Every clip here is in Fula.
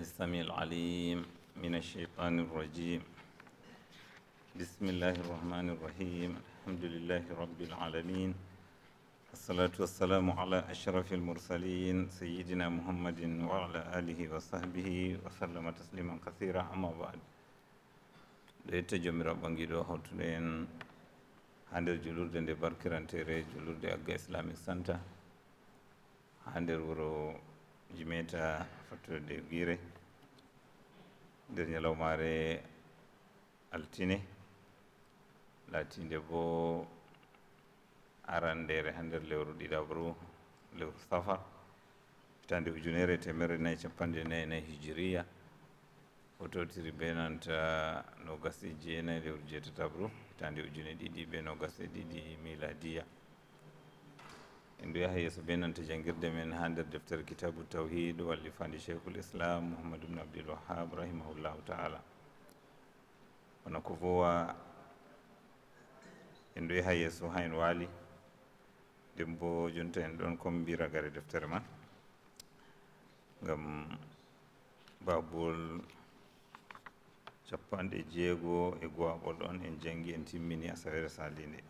السميع العليم من الشيطان الرجيم بسم الله الرحمن الرحيم الحمد لله رب العالمين الصلاة والسلام على أشرف المرسلين سيدنا محمد وعلى آله وصحبه وسلم تسليما كثيرا أما بعد ɗoyetta jomiraɓe ɓangiɗo hawtude en ha nder julurde nde barkirantere julurde agga islamic centre ha nder wuro jumeta fattude guire nder ñalawmare altine latinde bo arandere ha nder lewru ɗiɗabru lewru safar hitande ujunere temerre nayi capanɗe nayi nayi hijiriya o be nanta no gasi jeenayi lewru jeetatabru hitande ujune ɗiɗi ɓe no gasi ɗiɗi miladiya en duyaha yeeso be nanta jangirde men ha nder deftere kitabu tawhid wallifandi cheikhul islam mouhamadou ubne abdil wahab rahimahullahu taala wona ko vowa en duyaha yeeso ha en waali ndem bo jonta en ɗon comme mbiragare deftere ma ngam babol capanɗe jeego e goaɓol ɗon en jangi en timmini asawere salinde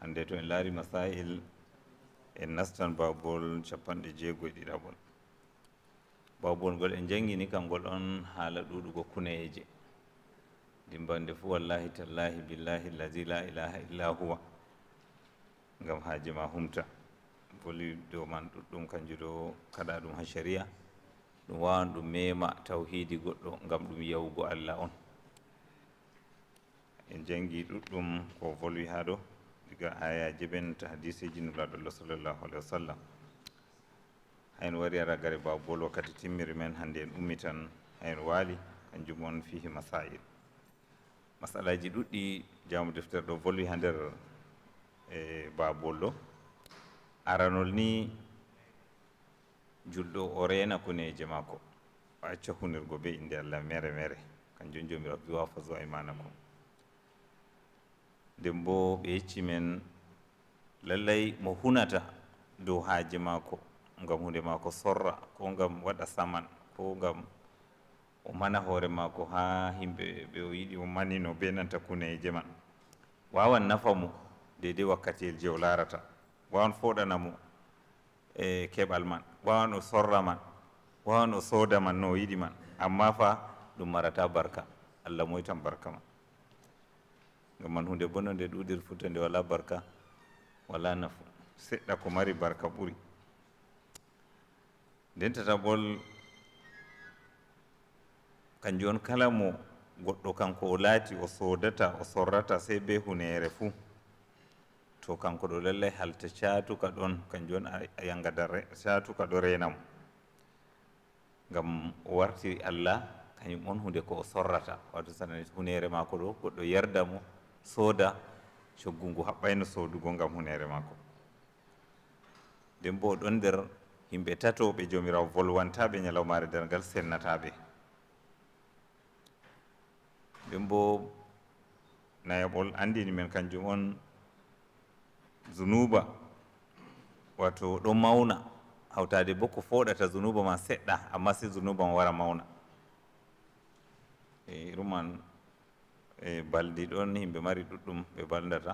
hannde to en laari masail en nastan baabol capanɗe jeego e ɗiɗaɓol baabol ngol en jangini kamngol on haala ɗuɗugo kuneyeje dimbande fou wallahi tallahi billahi lladi la ilaha illa huwa ngam haaji ma humta boli dow man ɗuɗɗum kanju ɗo kaɗa ɗum ha sharia ɗum wawan ɗum mema tawhidi goɗɗo ngam ɗum yawugo allah on en jangi ɗuɗɗum ko volwi ha ɗo diga aya jibinta hadice jinnulaɗo allah sallllahu alah wa sallam hayen wari ara gare baw bolo kadi timmiri men hannde en ummi tan hayen waali kanjum on fihi masail masalaji ɗuɗɗi jamu deftere ɗo volwi ha nder e babolɗo aranol ni julɗo o rena koneeje makko o acca hunirgo be innde allah mere mere kanjum jomiraɓ biwa fasu imanakum nden bo ɓe yecci men lallay mo hunata dow haaji maako ngam hunde maako sorra ko ngam waɗa saman ko ngam o mana hoore maako haa yimɓe ɓe o yiɗi o manino be nanta kuneje man wawan nafa mo dede wakkatiyel je o larata wawan foɗana mo e keɓal man wawan o sorra man wawan o sooda man no o yiɗi man amma fa ɗum marata barka allah moytan barka man ɗum man hunde bono nde ɗuɗir fu to nde wala barka wala nafu seɗɗa ko mari barka ɓuri nden tataɓol kanjum on kala mo goɗɗo kanko o laati o sodata o sorrata sey be hunere fuu to kanko ɗo lallay halta catuka ɗon kanjum on a yangada catuka ɗo renamo ngam o warti allah kañum on hunde ko o sorrata wato sanani hunere mako ɗo goɗɗo yardamo sooda coggu ngu haɓɓayno soodugo ngam huneere makko nden bo ɗon nder yimɓe tato ɓe joomiraw volwantaɓe ñalawmaare dargal sennataɓe nden bo nayaɓol andini men kanjum on zunuba wato ɗo mawna hawtade bo ko fooɗata zunuba ma seɗɗa amma si zunuba ma wara mawna e ruman e baldi ɗon yimɓe mari ɗuɗɗum ɓe baldata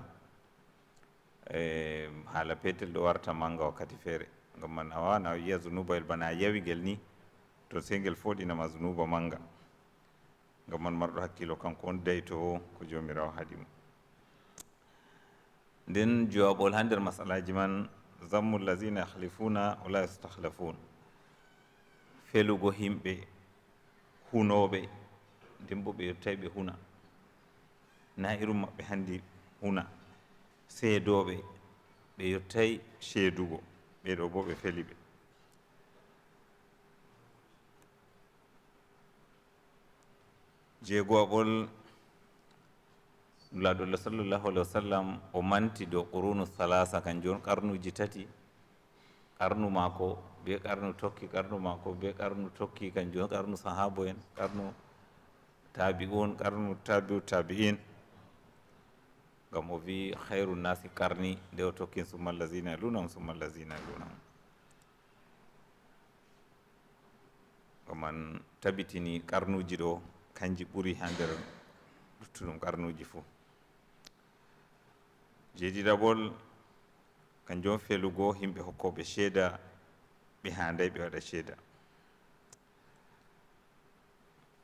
e haala petel ɗo warta manga wakkati feere gam man a wawana yiya zunuba el bana a yawigel ni to seygel foɗinama zunuba manga gam man marɗo hakkilo kanko on dayto ko jomirawo haadimu nden jowaɓol ha nder masalaji man zammu llazina yahlifuna wala yastahlafun felugo himɓe hunoɓe nden bo ɓe yettawi ɓe huna na irum maɓɓe hanndi una seedooɓe ɓe yottay seedugo ɓeeɗo boo ɓe feli ɓe jeegoɓol laaɗollah sallllahu alah wa sallam o manti dow qurunu halasa kan jooni qarnuuji tati qarnu maako be qarnu tokki qarnu maako be qarnu tokki kan jooni qarnu sahaabo en qarnu taabi un qarnu taabiu taabi in kam o wii hayru nasi karni nde o tokkin summa llazina lunam summa llazina lunam oman tabitini karnuji ɗo kanji ɓuri ha nder ɗuttuɗum karnuji fuu jeeɗiɗabol kanjo on felugo yimɓe hokkoɓe ceeda ɓe handay ɓe waɗa ceeda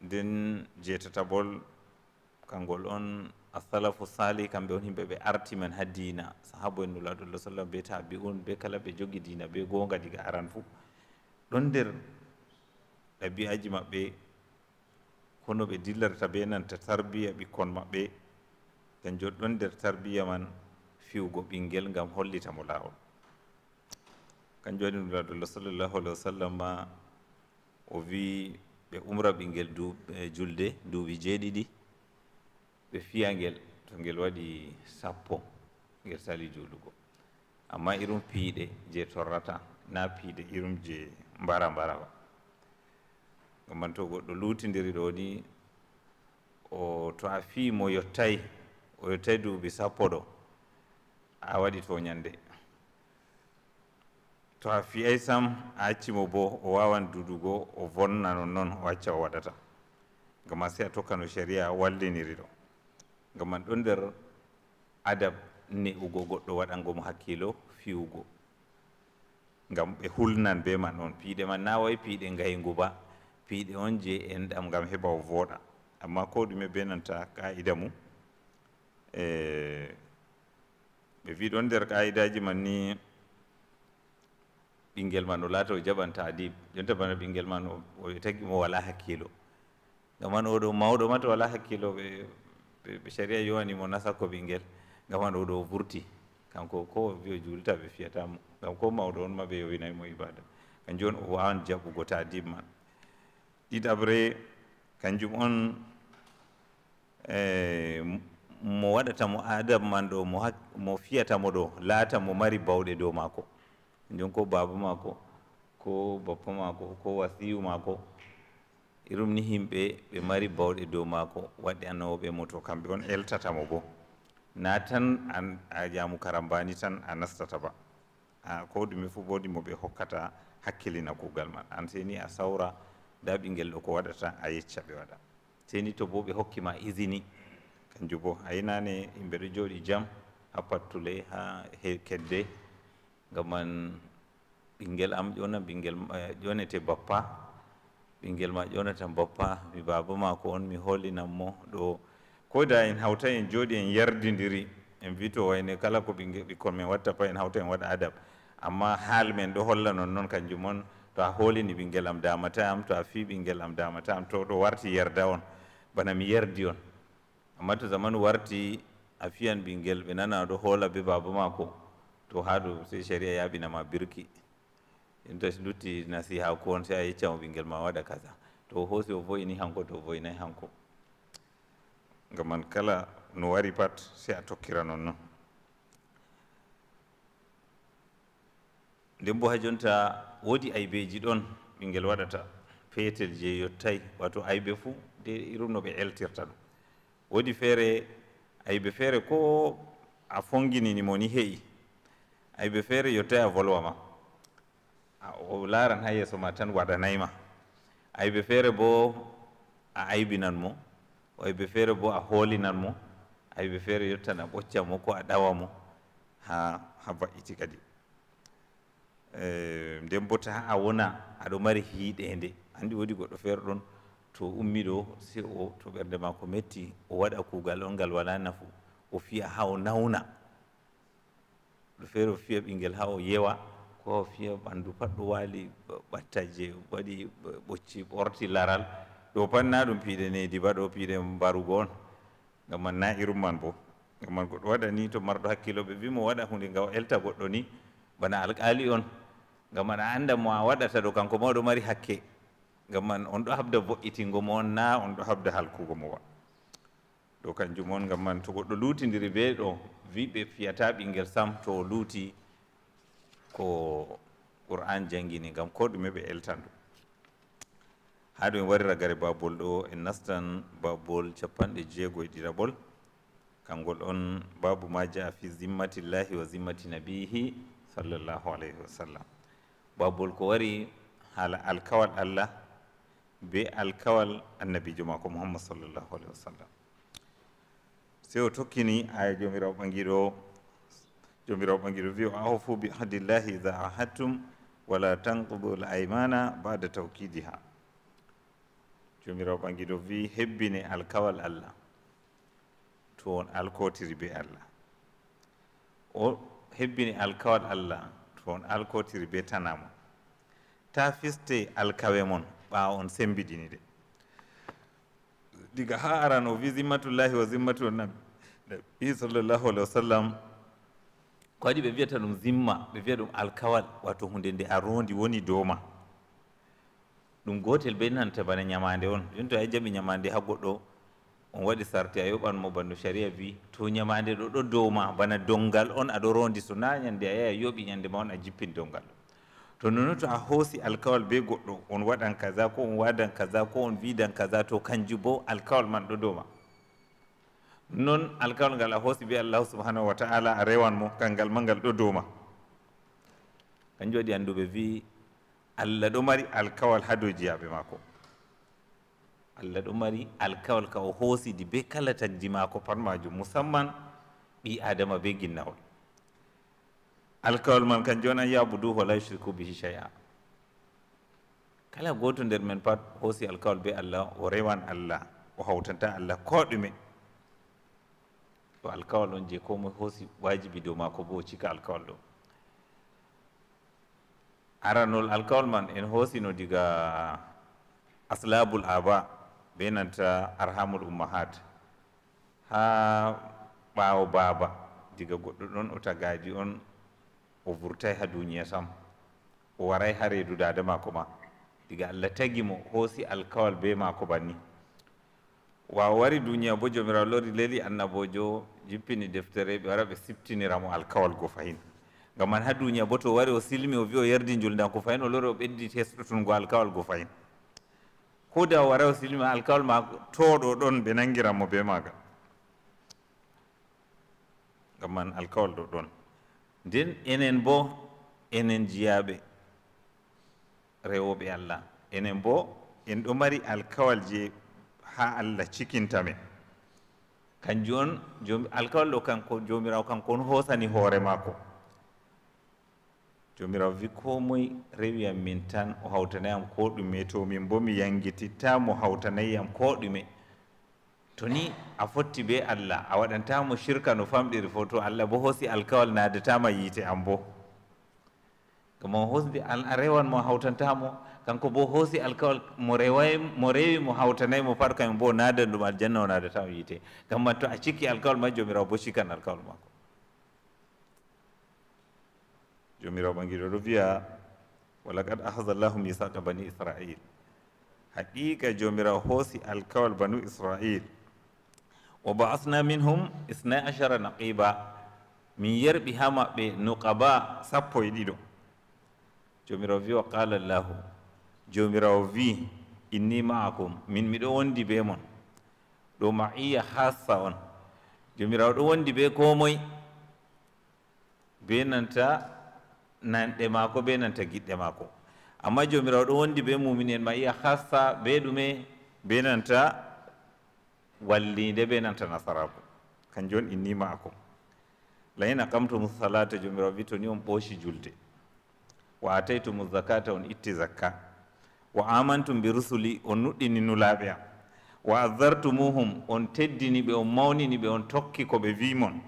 nden jeetataɓol kangol on assalafu sali kamɓe on himɓe ɓe arti men ha dina sahabu en nulaɗo lah sallam be tabi un be kala ɓe jogui dina be gonga diga aran fo ɗon nder ɗabiyaji maɓɓe kono ɓe dillata be nanta tarbiya ɓikkon maɓɓe en joni ɗon nder tarbiya man fiwgo ɓinguel gam hollita mo lawol kanjum waɗi nulaɗo lah sallllahu alah wa sallam ma o wi ɓe umra ɓinguel duɓe julde duuɓi jeeɗiɗi ɓe fiya ngel to ngel waɗi sappo ngel sali juulugo amma irum piiɗe je torrata na piide irum je mbara mbara ba gomman to goɗɗo luutidiri ɗo ni o to a fii mo yottay o yottay duuɓi sappo ɗo a waɗi to ñannde to a fiyay sam a accimo boo o waawan dudugo o vonna non noon o acca o waɗata gomma si a tokka no caria walliniri ɗo gam man ɗo nder adab ne'ugo goɗɗo waɗango mo hakkilo fiwugo gam ɓe hulnan be man on piiɗe man na wai piiɗe gaygu ba piiɗe on je enɗam gam heɓa o vooɗa amma ko ɗume be nanta ka'ida mum e ɓe wiɗon nder ka'idaji man ni ɓinguel man o laata o jaɓan taadib jonta bana ɓinguel man o tagi mo wala hakkilo gam man oɗo mawɗo ma to wala hakkilo ɓe ɓe caria yowanimo nasakko ɓinguel gam an oɗo ɓurti kanko ko wio julita ɓe fiyatamo gam ko mawɗo on maɓe yowinaymo ibada kan joni o wawan jaɓɓugo ta dimman ɗiɗaɓre kanjum on e, mo waɗata mo adab man ɗo mo hak mo fiyatamo ɗo laata mo mari bawɗe dow mako kanjon ko baba mako ko bappa mako ko wasiyu mako irum ni himɓe ɓe mari bawɗe dow maako waɗi annowoɓe mo to kamɓe on eltatamo boo na tan a jaamu karambani tan a nastata ba ko ɗume fof boɗi mo ɓe hokkata hakkillina kuugal man an seni a sawra da ɓinguel ɗo ko waɗata a yecca ɓe waɗa seni to bo ɓe hokkima isini kanju bo a yinane yimɓe ɗo jooɗi jam ha pattule ha kedde gam man ɓinguel am ƴona ɓinguel ƴonete eh, bappa ɓinguel ma ƴonatan bappa mi baba ma ko on mi holinan mo ɗo koda en hawta en jooɗi en yardidiri en wi to wayne kala ko ɓinge ɓikkon min watta pa en hawta en waɗa adab amma haal men ɗo holla non noon kanjum on to a holini ɓinguel am damata am to a fi ɓinguel am damata am to ɗo warti yerda on bana mi yardi on amma to zamanu warti a fiyan ɓinguel ɓe nana ɗo hoola be baba ma ko to haa ɗo sey caria yaɓinama birki des dutti nasiha ko won si a yeccamo ɓinguel ma waɗa kasa to hoosi o voyini hanko to voyinayi hanko gam man kala no wari pat si a tokkira noon noon nden bo hay jonta woodi aybeji ɗon ɓinguel waɗata peetel je yottay wato aybe fou de irum no ɓe eltirta ɗum woodi feere aybe feere ko a fonginini mo ni heƴi aybe feere yottay a volwa ma o laaran ha yeeso ma tan waɗanayma ayiɓe feere bo a aybinan mo o ayiɓe feere bo a hoolinan mo ayiɓe feere yottan a ɓocca mo ko a ɗawa mo ha ha va'iti kadi ehm, nden bo taha a wona aɗa mari hiiɗeende anndi woodi goɗɗo feere ɗon to ummiɗo si o to ɓernde ma ko metti o waɗa kuugal on ngal wala nafu o fiya ha o nawna ɗo feere o fiya ɓinngel ha o yewa ko fiya ɓanndu pat ɗo waali ɓattaje waɗi ɓocci ɓorti laral ɗo pat na ɗum piiɗe neydi ba ɗo piiɗe mbarugo on ngam man na irum man bo ngam man goɗɗo waɗa ni to marɗo hakkilo ɓe wimo waɗa hunde ngam elta goɗɗo ni bana alkali on ngam man a annda mo a waɗata ɗo kanko ma ɗo mari hakke ngam man on ɗo haɓda vo'itingo mo on na on ɗo haɓda halkugo mo wa ɗo kanjum on ngam man to goɗɗo luutidiri be ɗo wiɓe fiyata ɓinngel sam to o luuti ko qur'an jangini gam ko ɗume ɓe eltan ɗu haɗo en warira gare babol ɗo en nastan babol capanɗe jeego e ɗiɗaɓol kangol on babu ma jaa fi zimmatillahi wa zimmati nabihi sallllahu alayhi wa sallam babol ko wari haala alkawal allah be alkawal annabijo mako muhammad sallllahu alayhi wa sallam sewo tokkini aya jomirawo ɓangiɗo jomirawo ɓangiro wi o aho fo bi ahadillahi ida ahadtum wala tanqudu l aymana bada tawkidiha jomirawo ɓangiɗo wi hebbine alkawal allah to on alkotiri be allah o hebbini alkawal allah to on alkotiri be tanama ta fiste alkawe mon ɓawa on sembidini de diga ha aran o wi zimmatullahi wa zimmatu nabi nabi sallallahu alih wa sallam ko waɗi ɓe mbiyata ɗum zimma ɓe mbiya ɗum alkawal wato hunde nde a rondi woni dowma ɗum gotel be nanta bana ñamande on jon to a jaɓi ñamande ha goɗɗo on waɗi sarte a yoɓanmo banno sharia bi to ñamande ɗo ɗo dowma bana dongal on aɗo rondi so na ñande a yahi a yoɓi ñande ma on a jippin dongal to nono to a hoosi alkawal be goɗɗo on waɗan kaza ko on wadan kaza ko on widan kaza to kanjum bo alkawal man ɗo dowma noon alkawal ngal a hoosi bi allahu subahanahu wa taala a rewanmo kangal ma ngal ɗo dowma kanjum waɗi annduɓe wi allah ɗo mari alkawal ha dow jiyaɓe maako allah ɗo mari alkawal ka o hoosidi be kala tagdi maako pat majum musamman ɓi adama be ginnawol alkawal man kanjum on an yabudu wala yushriku bihi shay a kala goto nder men pat hoosi alkawal be allah o rewan allah o hawtanta allah ko ɗume ɗo alkawal on je komoe hoosi wajibi dow mako bo o cika alkawal ɗo aranol alkawal man en hoosino diga aslabul aba be nanta arhamul ummahat ha ɓawo baba diga goɗɗo ɗon o tagaji on o vurtay ha duniya tam o waray ha reedu dada mako ma diga allah tagi mo hoosi alkawal be mako banni waawa wari duniya bo joomiraawo lori leli annabojo jippini deftere ɓe wara ɓe siftinira mo alkawal go fayin ngam an haa duniya bo to wari o silmi o wi o yerdi njulndan ko fayin o lori o ɓeddi hesɗotungo alkawal go fayin huuda o wara o silmi alkawal ma tooɗo ɗon ɓe nanngiran mo be maaga ngam man alkawal ɗo ɗon nden enen bo enen jiyaaɓe rewooɓe allah enen bo en ɗo mari alkawal jeyi ha allah cikintamen kanju on alkawal ɗo kanko jomirawo kanko on hoosani hoore maako jomirawo wi ko moye rewiyam min tan o hawtanayam ko ɗume to min bo mi yangitittamo hawtanayyam ko ɗume to ni a fotti be allah a waɗantamo shirka no famɗiri fo to allah bo hoosi alkawal nadetama yiite am bo gam o hosdi a rewanmo hawtantamo kanko bo hoosi alkawal mo rewai mo rewi mo hawtanayi mo par kamen bo naadan ɗum aljanna o naada tan o yiite gamman to a cikki alkawal ma jomirawo bo cikkan alkawal makko jomirawo ɓangiɗo ɗo wiya walakad ahaza llahu misaqa bani israil haqiqa jomirawo hoosi alkawal banu israil wa ba'asna minhum isnai ashara naqiba min yerɓi ha maɓɓe nuqaba sappo e ɗiɗo jomirawo wi wa qala llahu jomirawo vi inni maakum min miɗo wondi be mon ɗo maiya hassa on jomirawo ɗo wondi be komoi be nanta nanɗe maako be nanta giɗɗe maako amma jomirawo ɗo wondi be mumini en maiya hassa be ɗume be nanta wallide be nanta nasarako kanjum on inni maakum layina kamtum salata jomirawo wi to ni on ɓooshi julde wa ataytumu zakata on itti zakka wa amantum bi rusuli on nuɗɗini nulaaɓe am wa adartumuhum on teddini ɓe on mawnini ɓe on tokki ko ɓe wimon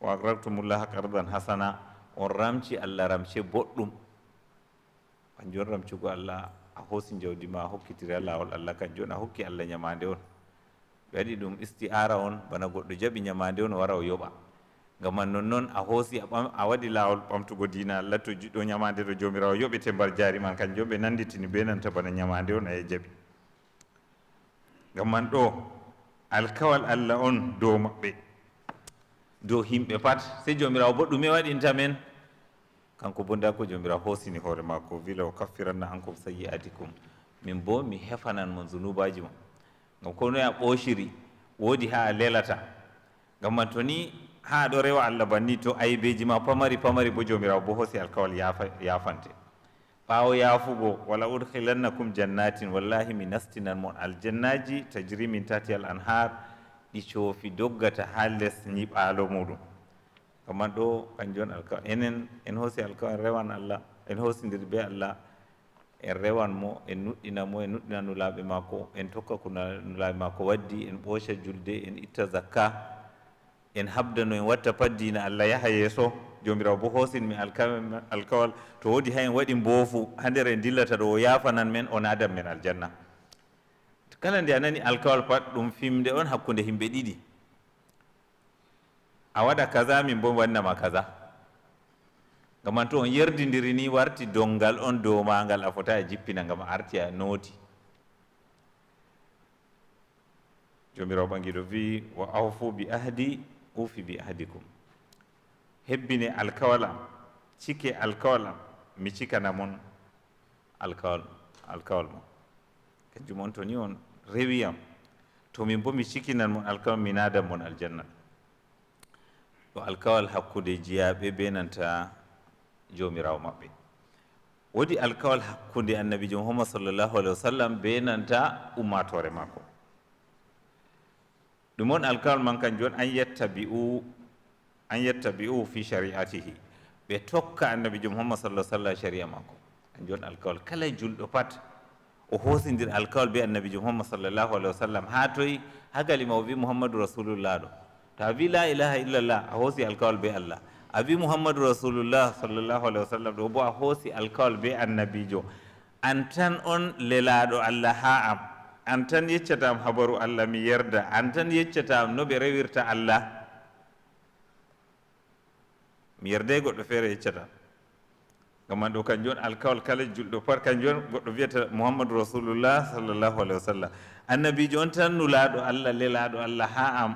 wa aqrartumullaha kardan hasana on ramci allah ramce boɗɗum kanjon ramcugo allah a hoosi jawdi ma a hokkitira lawol allah kanjon a hokki allah ñamande on ɓe waɗi ɗum istihara on bana goɗɗo jaɓi ñamande on o wara o yoɓa gam an non noon a hoosi a waɗi laawol ɓamtugo diina allah to jiɗɗo ñamaande to joomiraw yoɓete mbar jaari man kañ joɓe nannditini be nanta bana ñamaande on aye jaɓi gam man ɗo alkawal allah on dow maɓɓe dow himɓe pat se joomiraw bo ɗume waɗinta men kanko bo nda ko joomiraw hoosini hoore makko wila o kaffiranna ankum sayiati cum min bo mi hefanan mo zunubaji ma gam ko noya ɓoosiri woodi haa a lelata gam man to ni ha ɗo rewa allah banni to aybeji ma pamari pamari bo jomirawo bo hoosi alkawal yafante ɓawo yaafugo wala udkhilannakum jannatin wallahi mi nastinan mon aljannaji tajri min tati al anhar ɗi coofi doggata ha les ñiɓalo muɗum kaman ɗo kanjon alkawal enen en hoosi alkawal rewan allah en hoosidir be allah en rewan mo en nuɗɗina mo en nuɗɗina nulaɓe mako en tokka ko nulaɓe mako waddi en ɓoosa julde en itta zakka en habdano en watta paddina allah yaha yeeso jomirawo bo hoosinmi alkawal to woodi hay en waɗi boofu ha nder en dillata ɗo o yaafanan men o naadan men aljanna kala nde a nani alkawal pat ɗum fimde on hakkunde himɓe ɗiɗi a waɗa kaza min bo mi waɗnama kaza gam an to on yerdidiri ni warti donngal on dow magal a fota a jippina gam a arti a nooti jomirawo ɓangiɗo wi wa awfu bi ahdi uufi bi ahadikum hebbini alkawal am cikki alkawal am mi cikana mon alkawal alkawal mo kanjum on toni on rewiyam to min bo mi cikkinan mon alkawal mi naadan mon aljanna ɗo alkawal hakkude jiyaɓe be nanta jomirawo maɓɓe wodi alkawal hakkude annabi jo muhammad sallllahu alahi wa sallam be nanta ummatore makko ɗum on alkawal man kan joni an yettabiu an yettabiu fi shariatihi ɓe tokka annabi jo muhammad sallah sallah sharia makko an joni alkawal kala julɗo pat o hosidir alkawal be annabi jo muhammad sallllahu alahi wa sallam ha toyi ha gali ma o wi muhammadou rasulullah ɗo to a wi la ilaha illallah a hoosi alkawal be allah a wi muhammadou rasulullah sallllahu alahi wa sallam ɗo bo a hoosi alkawal be annabijo an tan on lelaɗo allah ha am an tan yeccatam habaru allah mi yerda an tan yeccatam no ɓe rewirta allah mi yerdai goɗɗo feere yeccatam gam man ɗo kanjum on alkawal kala julɗo pat kanjum on goɗɗo wiyata mouhammadou rasulullah sallllahu alahi wa sallam annabijo on tan nulaɗo allah lelaɗo allah ha am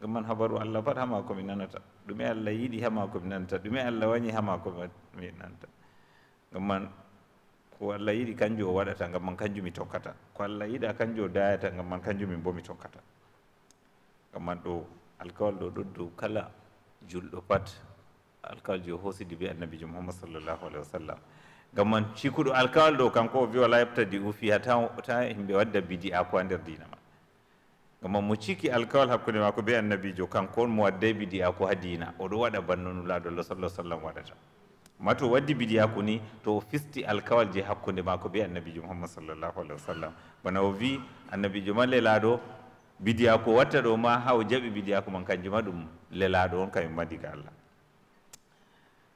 gam man habaru allah pat hama komi nanata ɗume allah yiiɗi hama komi nanata ɗume allah wañi hama komi nanata gam man ko allah yiɗi kanjum o waɗata ngam man kanjum mi tokkata ko allah yiɗa kanjum o dayata ngam man kanjum min bo mi tokkata ngam man ɗo alkawal ɗo ɗo dow kala julɗo pat alkawal ji o hoosidi be annabijo muhammad sallllahu alahi wa sallam ngam man cikuɗo alkawal ɗo kanko o wi wala yebta di ufi ha ta ta yimɓe wadda bidi a ko ha nder dina ma ngam man mo ciki alkawal hakkunde maako be annabijo kanko on mo wadday bidi a ko ha dina oɗo waɗa bannonulaɗo allah sallah sallam waɗata mato waddi bidiyako ni to o fisti alkawal je hakkude mako be annabijo muhammad sallllahu alih wa sallam bona o wi annabijo ma lelaɗo bidiyako watta ɗo ma ha o jaɓi bidiyako man kanjuma ɗum lelaɗo on kam e madiga allah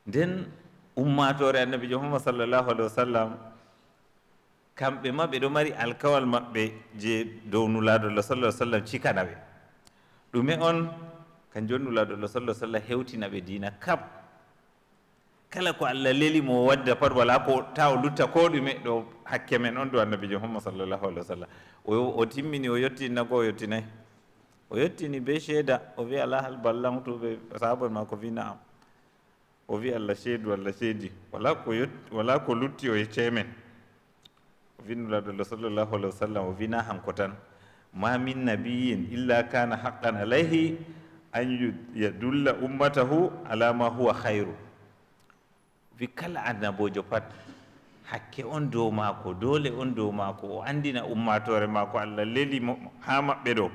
nden ummatore annabijo muhammad sallllahu alih wa sallam kamɓe ma ɓeɗo mari alkawal maɓɓe je dow nulaɗo allah sall sallam cikanaɓe ɗume on kanjon nulaɗo allah sall sallam hewtinaɓe dina kab kala ko allah lelimo wadde pat wala ko ta o lutta ko ɗume ɗo hakke men on ɗo annabijo mohammad sallllahu alih wa sallam o timmini o yettinna ko o yettinayi o yettini be ceeda o wi ala hal ballantuɓe sahabon ma ko wi naam o wi allah seedu allah seedi wala ko wala ko lutti o yecce men o winnulaɗolo sallllahu alih wa sallam o wina hanko tan ma min nabiyin illa kana haqqan alayhi an yadulla ummatahu ala ma huwa hayru wi kala annabojo pat hakke on dow maako doole on dow maako o andina ummatore maako allah lelimo ha maɓɓe ɗo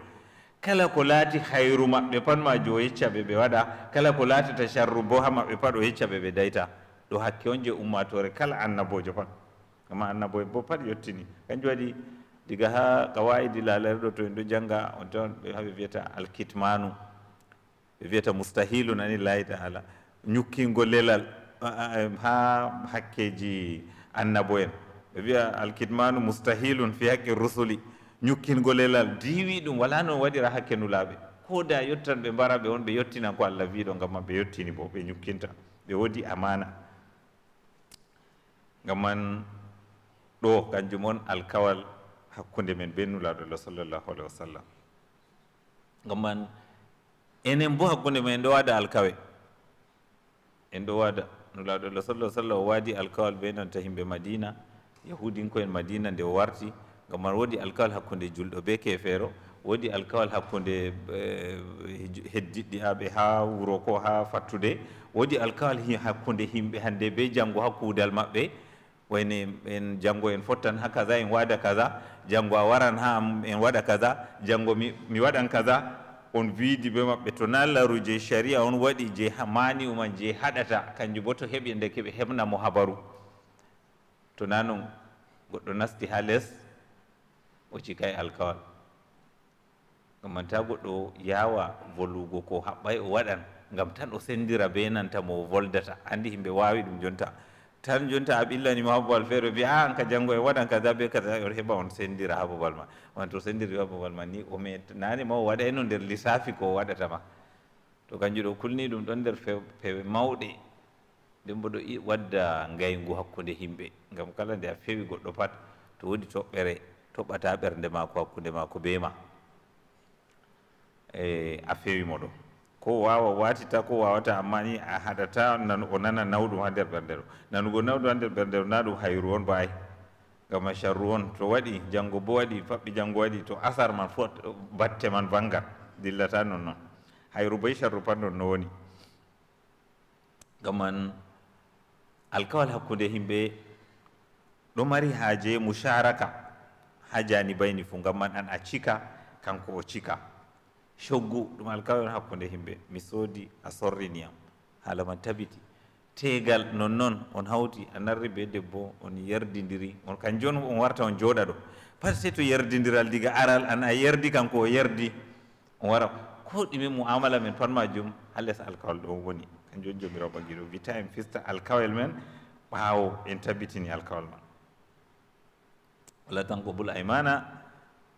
kala ko laati hayru maɓɓe pat maji o yecca ɓe ɓe waɗa kala ko laatata charru bo ha maɓɓe pat o yecca ɓe ɓe dayta ɗo hakke on je ummatore kala annabojo pat amma annaboye bo pat yettini kanju waɗi diga ha kawayidi lalare ɗo to en ɗo jannga on tawan ɓe haɓe wiyata alkitmanu ɓe wiyata mustahilu nani layi taala ñukkingo lelal ha hakkeji annabo en ɓe mustahilun alkidmanu fi hakke rusuli ñukkingo lelal diwi ɗum wala no waɗira hakke nulaɓe ko da yettan ɓe mbaraɓe on ɓe yottina ko allah wiɗo ngam ma ɓe yottini bo ɓe ñukkinta ɓe woodi amana ngam man ɗo kanjum on alkawal hakkunde men be nulaɗo lo sallllahu alahi wa sallam ngam man enen bo hakkunde men en ɗo waɗa alkawe en ɗo wada no laaw ɗoo sall sallam o waadi alkawal ɓe nonta himɓe madina yahudi n koyen madina nde warti ngam man woodi alkawal hakkunde julɗo be keefeero woodi alkawal hakkunde eh, heddiɗɗi aɓe haa wuro ko haa fattude woodi alkawal hakkunde himɓe hannde be janngo haa kuudal maɓɓe wayne en janngo en fottan haa kaza en waada kaza janngo a waran haa en waɗa kaza janngo mi waɗan kaza on wiidi ɓe maɓɓe to na laru je sharia on waɗi je mani uman je haɗata kanjum bo to heɓi nde keɓe heɓna mo habaru to na noon goɗɗo nasti ha les o cikay alkawal gam manta goɗɗo yawa volugo ko haɓɓay o waɗan gam tan o sendira be nanta mo voldata andi yimɓe wawi ɗum jonta tan jonta a ɓillanima habbal feere mbi a an ka janngo e waɗan kada be kada yoto heɓa on senndira habbal ma on to senndiri habbal ma ni ome nane ma o waɗayno e nder lissafi ko waɗatama to kanjum ɗo kulni ɗum ɗon nder pewe mawɗe nden mbo ɗo wadda ngayngu hakkunde himɓe ngam kala nde a fewi goɗɗo pat to woodi toɓɓere toɓɓata ɓernde maako hakkunde maako bee ma e a fewi mo ɗo ko wawa watita kowa wata ammani a haɗata o nana nawɗum ha nder ɓerdere nanugo nawɗum ha nder ɓerdere na ɗum hayru on bay gama sharru on to waɗi jango bo waɗi fabbi jango waɗi to asar man fot batte man bangal dillata non non hayru bay sharru pan non woni gaman alkawal hakkunde himɓe ɗo mari haje musharaka ha jani bayni fu ngam man an a cika kanko o cika coggu ɗum alkawen hakkunde yimɓe mi soodi a sorriniyam haala ma tabiti teegal nonnoon on hawti a narri be debbo on yerdidiri on kan jooni on warta on jooɗa ɗo pat se to yerdidiral diga aral an a yerdi kanko o yerdi on wara ko ɗume muamala men pat ma jum ha less alkawal ɗo woni kan jooni jomirao ɓagiɗo wita en fista alkawel men ɓaawo en tabitini alkawal ma walla tan qobul e aymana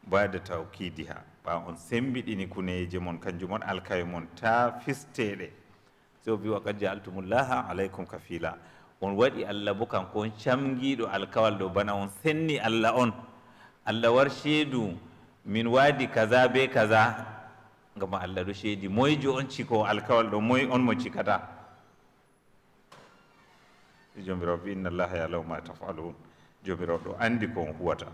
bade taw kiidi haa ɓa on sembiɗini kuneji mon kanjum on alkawe mon ta fisteɗe so wi waqad jaaltumullaha alaykum kafila on waɗi allah bo kanko on camguiɗo alkawal ɗo bana on senni allah on allah war sheedu min waadi kaza be kaza ngama allah ɗo sheedi moyejo on ciko alkawal ɗo moy on mo cikata jomirawo fi inna allaha yalawma tafalun jomirawo ɗo andi ko on huwata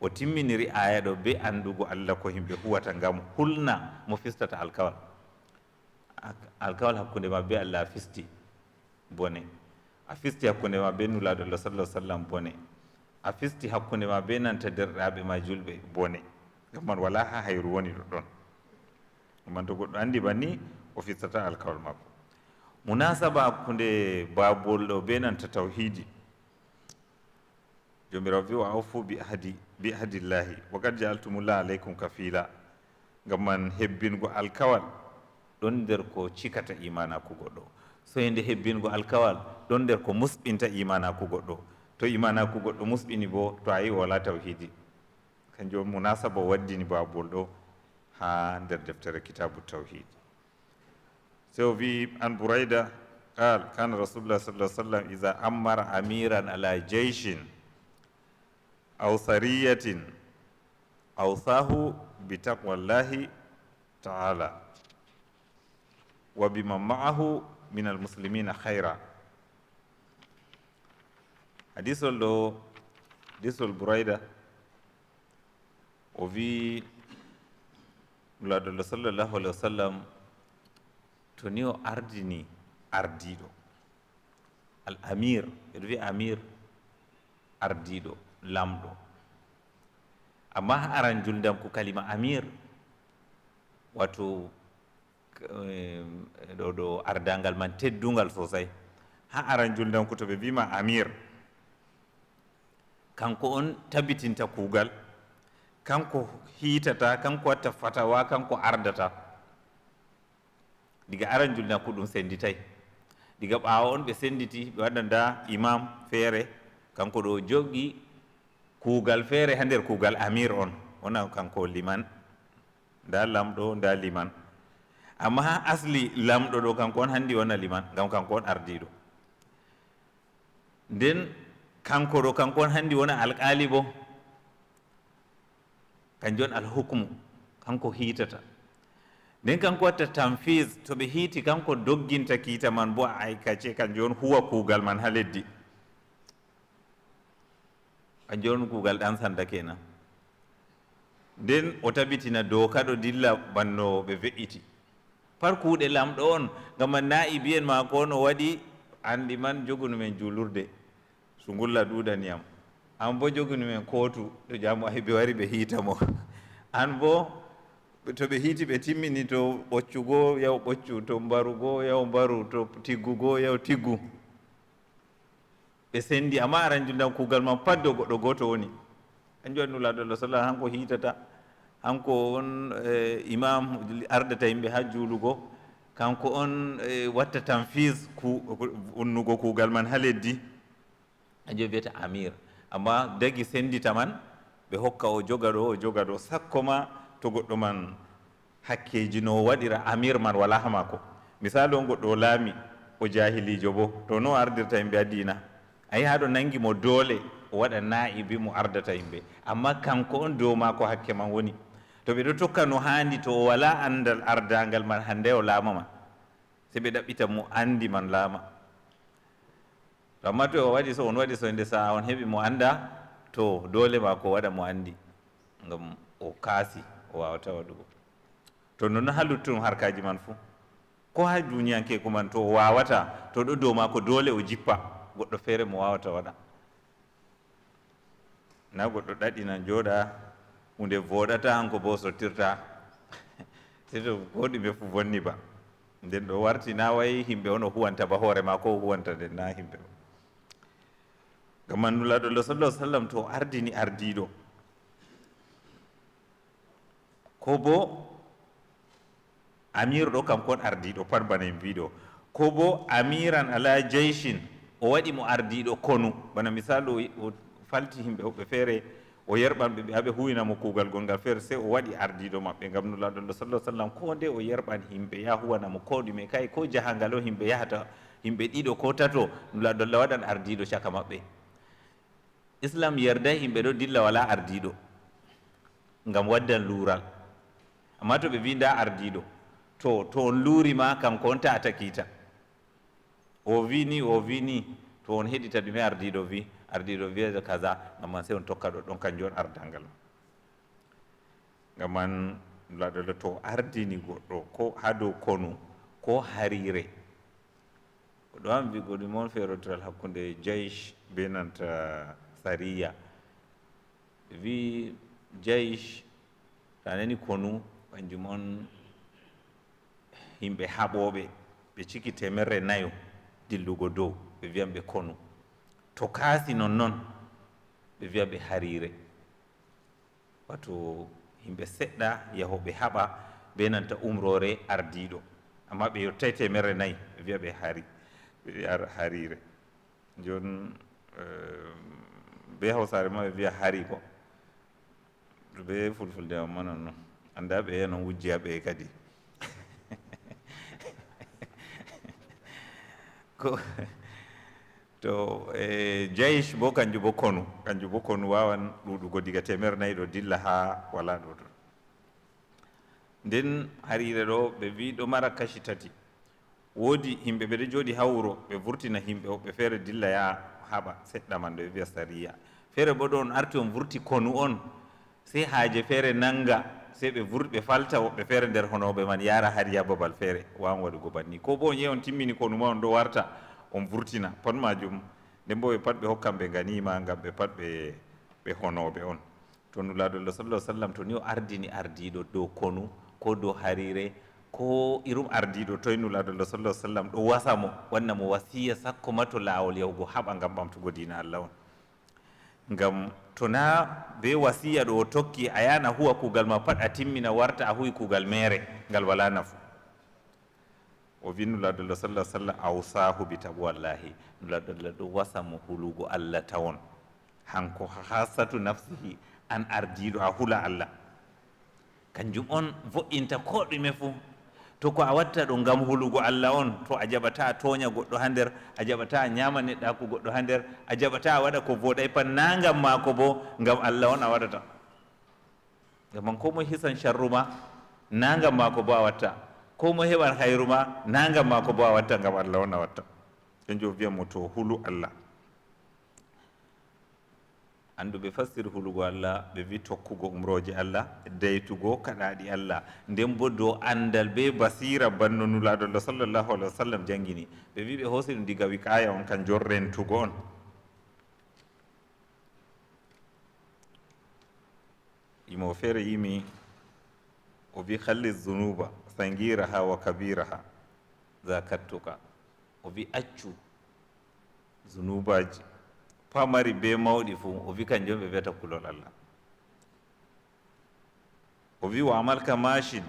o timminiri aya ɗo be andugo allah ko himɓe huwata ngam hulna mo fistata alkawal alkawal hakkunde ma be allah a fisti bone a fisti hakkunde ma be nulaɗo allah sallah sallam bone a fisti hakkunde ma be nanta derɗaɓe ma julɓe bone gam wala ha hayru woni ɗo ɗon man to goɗɗo andi banni o fistata alkawal makko munasaba hakkunde babol ɗo be nanta tawhidi jomirawo wi wa awfu bi ahadi bi hadillahi wa gad jaltumullah aleykum kafila gam man hebbingo alkawal ɗon nder ko cikata imanaku goɗɗo so hende hebbingo alkawal ɗon nder ko musɓinta imanaku goɗɗo to imanaku goɗɗo musɓini bo to a yi wala tawhidi kanjo munasaba waddini babol ɗo ha nder deftere kitabu tawhid sew wi an bourayda qal kana rasulullah sallah sallam iza ammara amiran ala jeishin aw sariyatin awsahu bi taqwallahi taala wa biman ma'ahu min almuslimina khayra hadisol ɗo disol bourayda o wi mlaadollo sallllahu alah wa sallam to ni o ardini ardiɗo al amir ɓeɗo wi amir ardiɗo lamɗo amma ha aran juldam ko kalima amir wato eh, ɗo ɗo ardangal man teddungal sosay ha aran juldam ko to ɓe mbima amir kanko on tabitinta kuugal kanko hiitata kanko watta fatawa kanko ardata diga aran juldam ko ɗum senditay diga ɓawa on ɓe senditi ɓe waɗa nda imam feere kanko ɗo joɗi kuugal feere ha nder kuugal amir on wona kanko liman nda lamɗo nda liman amma ha asli lamɗo ɗo kanko on hanndi wona liman ngam kanko on ardiɗo nden kanko ɗo kanko on hanndi wona alkali bo kanjo on alhukmu kanko hiitata nden kanko watta tanfise to ɓe hiiti kanko dogginta kiita man bo ay kace kanjo on huwa kuugal man ha leddi a jonu kugal ɗan sanda kenan nden o tabitina doka ɗo dilla banno ɓe ve'iti par kuuɗe lamɗo on ngam a naa'i biyen ma ko no waɗi anndi man jogunu men juulurde so ngulla ɗuudaniyam an bo jogunu men kootu ɗo jaamu ahi ɓe wari ɓe hiita mo an bo to ɓe hiiti ɓe timmini to ɓoccu goo yaw ɓoccu to mbaru goo yaw mbaru to tiggu goo yaw tiggu ɓe sendi amma aranjudan kuugal man fadde o goɗɗo gooto woni kanjum waɗi nulaɗo allah sallam hanko hiitata hanko on e, imam ardata yimɓe ha juulugo kanko on e, watta tanfise ku unnugo kuugal man ha leddi kanjo wiyata amir amma dagi sendita man ɓe hokka o joga ɗo o joga ɗo sakko ma to goɗɗo man hakkeji no waɗira amir man wala ha maako misali on goɗɗo o laami o jahilijo bo to no ardirta yimɓe ha dina ay hado nangi mo dole o waɗa na'ibi mo ardata yimɓe amma kanko on dow maako hakke man woni to ɓe ɗo tokka no haandi to o wala andal ardangal man hande o laama man sey ɓe dabita mo andi man laama to amma to o waɗi so on wadi so inde sa on hebi mo anda to dole mako waɗa mo andi ngam o kaasi o wawata waɗugo to non halutum harkaji man fuu ko ha duniyankeku man to o wawata to ɗo dow maako doole o jippa goɗɗo fere mo wawata waɗa na goɗɗo ɗaɗina jooɗa hunde voɗata hanko bo sottirta seto ko ɗume fu bonni ba nden ɗo warti na wayi himɓe ono huwanta ba hoore ma ko huwanta nden na himɓe o ngam annulaɗo lo sallah sallam to ardini ardiɗo ko bo amir ɗo kam kon ardiɗo pat bana en mbiɗo ko bo amiran ala jeysin o waɗi mo ardiɗo konu bana misalu o falti himɓe hoɓɓe feere o yerɓan ɓe haɓe huwinamo kuugal gongal feere sey o waɗi ardiɗo maɓɓe ngam nulaɗon ɗo sallah sallam ko nde o yerɓan himɓe ya huwanamo ko ɗume kay ko jahangal o himɓe yahata himɓe ɗiɗo ko tato nulaɗolla waɗan ardiɗo caka maɓɓe islam yerday himɓe ɗo dilla wala ardiɗo ngam waddan luural amma to ɓe wi ardiɗo to to on luurima kanko on ta a o wini o wini to on heɗita ɗume ardiɗo wi ardiɗo wiya kaza gam man sey on tokka ɗo ɗon kanjum on ardangal gam man laɗoɗo to ardini goɗɗo ko ha dow konu ko harire oɗo an wigo ɗum on feerotiral hakkunde jeish be nanta sariya wi jaish ta nani konu kanjum on yimɓe haɓoɓe ɓe ciki temerre nayo dillugo dow ɓe wiyan ɓe konu to kaasi nonnoon ɓe wiya ɓe hariire wato yimɓe seɗɗa yahoɓe haɓa be nanta umrore ardiɗo amma ɓe yottai temerre e nayi ɓe wiya ɓe hari ɓe ar hariire joni eh, be hawsare ma ɓe wiya hari ko be fulfulde mamma non noon annda ɓe yeno wujjiya ɓe kadi makko to e jeyc bo kanjum bo konu kanjum bo konu wawan ɗuɗugo diga temer nayyi ɗo dilla ha wala ɗo ɗon nden harire ɗo ɓe wi ɗo mara kashi tati woodi yimɓe ɓeɗo jooɗi ha wuro ɓe vurtina yimɓe woɓɓe feere dilla yaha haɓa seɗɗa man ɗo e wiya saria feere bo ɗo on arti on vurti konu on sey haaje feere nannga sey ɓe vurɓe falta woɓɓe feere nder honoɓe man yara haariya babal feere wawa waɗu go banni ko bon yeh on timmini ko numa on ɗo warta on vurtina pon majum nden bo ɓe pat ɓe hokkam ɓe ganima gam ɓe pat ɓe ɓe honoɓe on to nulaɗolla salllah sallam toni o ardini ardiɗo dow konu ko dow harire ko irum ardiɗo toye nulaɗolla salla sallam ɗo wasa mo wanna mo wasiya sakko ma to lawol yahugo haɓa gam ɓamtugo dina allah on gam tona be wasiya ɗo o tokki a yana huwa kugal ma pat a timmina warta a huwi kugal mere ngal wala nafu o wi nulaɗolo salla sallam ausahu bi taqwallahi nulaɗolo ɗo wasa mo hulugo allah tawon hanko hasatu nafsihi an ardiɗo a hula allah kanjum on vo'inta ko ɗume fof to ko a watta ɗo ngam hulugo allah on to a jaɓata tooña goɗɗo ha nder a jaɓata ñaama neɗɗa ko goɗɗo ha nder a jaɓata a waɗa ko voɗay e pat na ngam maako bo ngam allah on a waɗata gaman ko moe hisan charru ma na ngam maako bo a watta ko moe heɓan hayru ma na ngam maako bo a watta ngam allah on a watta ɓe njo wiyatmo to hulu allah annduɓe fastir hulugo allah ɓe wi tokkugo umroje allah daytugo kaɗaɗi allah nden bo do andal be basira banno nulaɗolla sallllahu alah wa sallam jangguini ɓe wi ɓe hoosi ɗum diga wi kaya on kan jorrentugo on yimo feere yimi o wi halli zunuba sangiraha wa kabiraha za kattuka o wi accu zunubaji pamari be mawɗi fuu o wi kanjom ɓe wiyata kulol allah o wi waamalka machine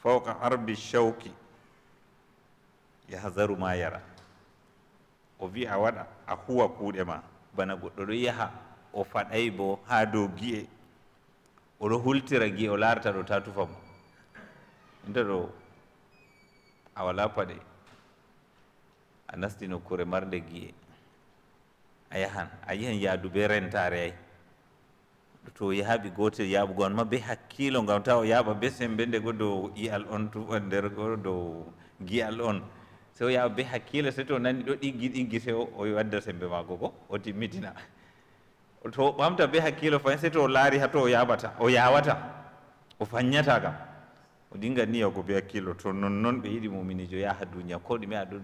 fawka arbi shawki yahzaru ma yara o wi a waɗa a huwa kuuɗe ma bana goɗɗo ɗo yaha o faɗay bo haa dow gi'e oɗo hultira gi'e o laarata ɗo taa tufa mo inta ɗo a walaa paɗe a nastinokkure marde gi'e a yahan a yihan yaadu be rentare ay to yaaɓi gote yaaɓugo on ma be hakkilo ngam taw yaaɓa be sembe ndego dow iyal on tuɓa nder goddo dow giyal on so yaaɓa be hakkilo se to nani ɗo ɗiggi ɗiggi se o wadda sembe maako go o timmitina to bamta ɓamta be hakkilo fa se to laari ha to o yaaɓata o yaawata o fanñata kam o dinga niyago be hakkilo to nonnoon ɓe yiɗi ya yaha duniya ko ɗume aɗo